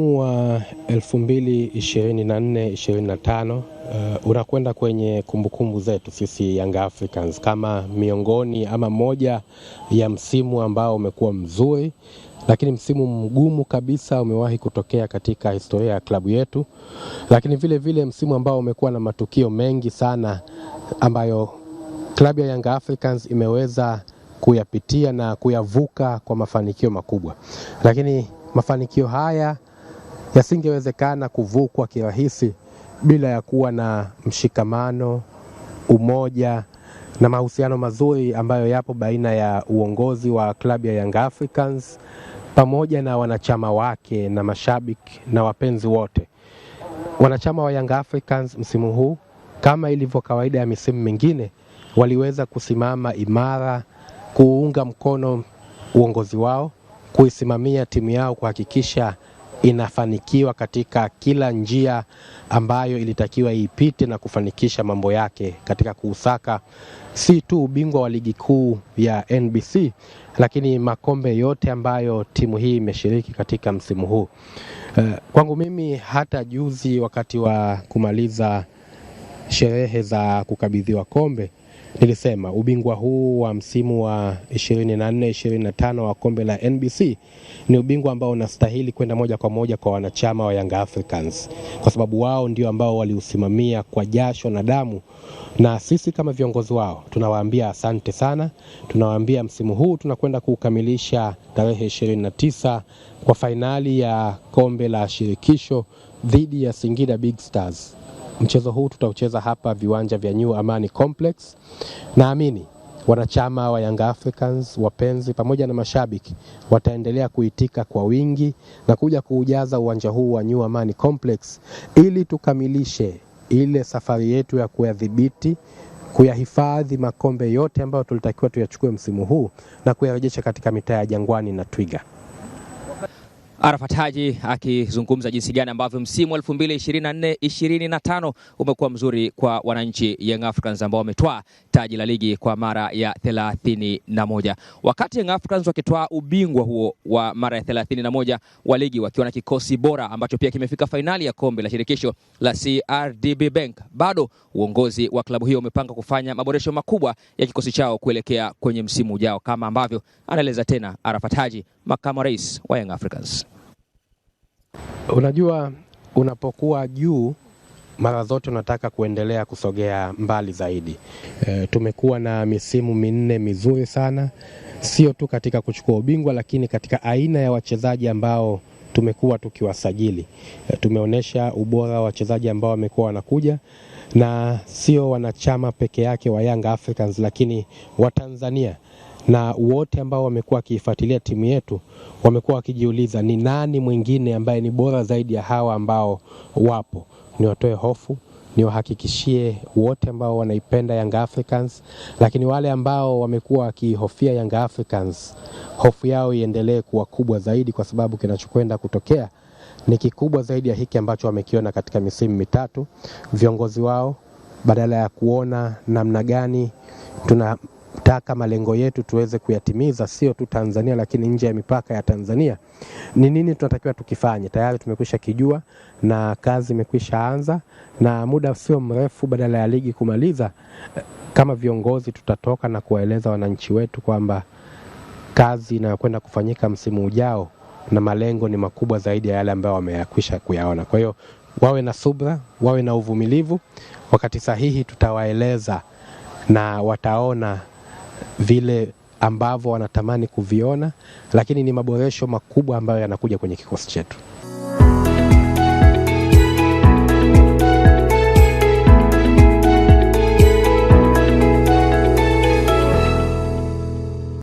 Msimu wa 2024-2025 uh, unakwenda kwenye kumbukumbu -kumbu zetu sisi Young Africans kama miongoni ama moja ya msimu ambao umekuwa mzuri, lakini msimu mgumu kabisa umewahi kutokea katika historia ya klabu yetu, lakini vile vile msimu ambao umekuwa na matukio mengi sana ambayo klabu ya Young Africans imeweza kuyapitia na kuyavuka kwa mafanikio makubwa, lakini mafanikio haya yasingewezekana kuvukwa kirahisi bila ya kuwa na mshikamano, umoja na mahusiano mazuri ambayo yapo baina ya uongozi wa klabu ya Young Africans pamoja na wanachama wake na mashabiki na wapenzi wote. Wanachama wa Young Africans msimu huu kama ilivyo kawaida ya misimu mingine, waliweza kusimama imara kuunga mkono uongozi wao, kuisimamia timu yao kuhakikisha inafanikiwa katika kila njia ambayo ilitakiwa iipite na kufanikisha mambo yake katika kuusaka si tu ubingwa wa ligi kuu ya NBC lakini makombe yote ambayo timu hii imeshiriki katika msimu huu. Eh, kwangu mimi, hata juzi wakati wa kumaliza sherehe za kukabidhiwa kombe Nilisema ubingwa huu wa msimu wa 24 25 wa kombe la NBC ni ubingwa ambao unastahili kwenda moja kwa moja kwa wanachama wa Young Africans, kwa sababu wao ndio ambao waliusimamia kwa jasho na damu, na sisi kama viongozi wao tunawaambia asante sana. Tunawaambia msimu huu tunakwenda kuukamilisha tarehe 29 kwa fainali ya kombe la shirikisho dhidi ya Singida Big Stars. Mchezo huu tutaucheza hapa viwanja vya New Amani Complex. Naamini wanachama wa Young Africans, wapenzi pamoja na mashabiki wataendelea kuitika kwa wingi na kuja kuujaza uwanja huu wa New Amani Complex ili tukamilishe ile safari yetu ya kuyadhibiti kuyahifadhi makombe yote ambayo tulitakiwa tuyachukue msimu huu na kuyarejesha katika mitaa ya Jangwani na Twiga. Arafat Haji akizungumza jinsi gani ambavyo msimu 2024 25 umekuwa mzuri kwa wananchi Young Africans ambao wametwaa taji la ligi kwa mara ya 31. Wakati Young Africans wakitoa ubingwa huo wa mara ya 31 wa ligi wakiwa na kikosi bora ambacho pia kimefika fainali ya kombe la shirikisho la CRDB Bank, bado uongozi wa klabu hiyo umepanga kufanya maboresho makubwa ya kikosi chao kuelekea kwenye msimu ujao, kama ambavyo anaeleza tena Arafat Haji makamu wa rais wa Young Africans. Unajua, unapokuwa juu mara zote unataka kuendelea kusogea mbali zaidi. E, tumekuwa na misimu minne mizuri sana, sio tu katika kuchukua ubingwa, lakini katika aina ya wachezaji ambao tumekuwa tukiwasajili. E, tumeonyesha ubora wa wachezaji ambao wamekuwa wanakuja na sio wanachama peke yake wa Young Africans, lakini Watanzania na wote ambao wamekuwa wakiifuatilia timu yetu wamekuwa wakijiuliza ni nani mwingine ambaye ni bora zaidi ya hawa ambao wapo. Niwatoe hofu, niwahakikishie wote ambao wanaipenda Young Africans, lakini wale ambao wamekuwa wakihofia Young Africans, hofu yao iendelee kuwa kubwa zaidi, kwa sababu kinachokwenda kutokea ni kikubwa zaidi ya hiki ambacho wamekiona katika misimu mitatu. Viongozi wao badala ya kuona namna gani tuna taka malengo yetu tuweze kuyatimiza, sio tu Tanzania lakini nje ya mipaka ya Tanzania. Ni nini tunatakiwa tukifanye? Tayari tumekwisha kijua na kazi imekwisha anza, na muda sio mrefu badala ya ligi kumaliza, kama viongozi tutatoka na kuwaeleza wananchi wetu kwamba kazi inayokwenda kufanyika msimu ujao na malengo ni makubwa zaidi ya yale ambayo wameyakwisha kuyaona. Kwa hiyo wawe na subra, wawe na uvumilivu. Wakati sahihi tutawaeleza na wataona vile ambavyo wanatamani kuviona, lakini ni maboresho makubwa ambayo yanakuja kwenye kikosi chetu.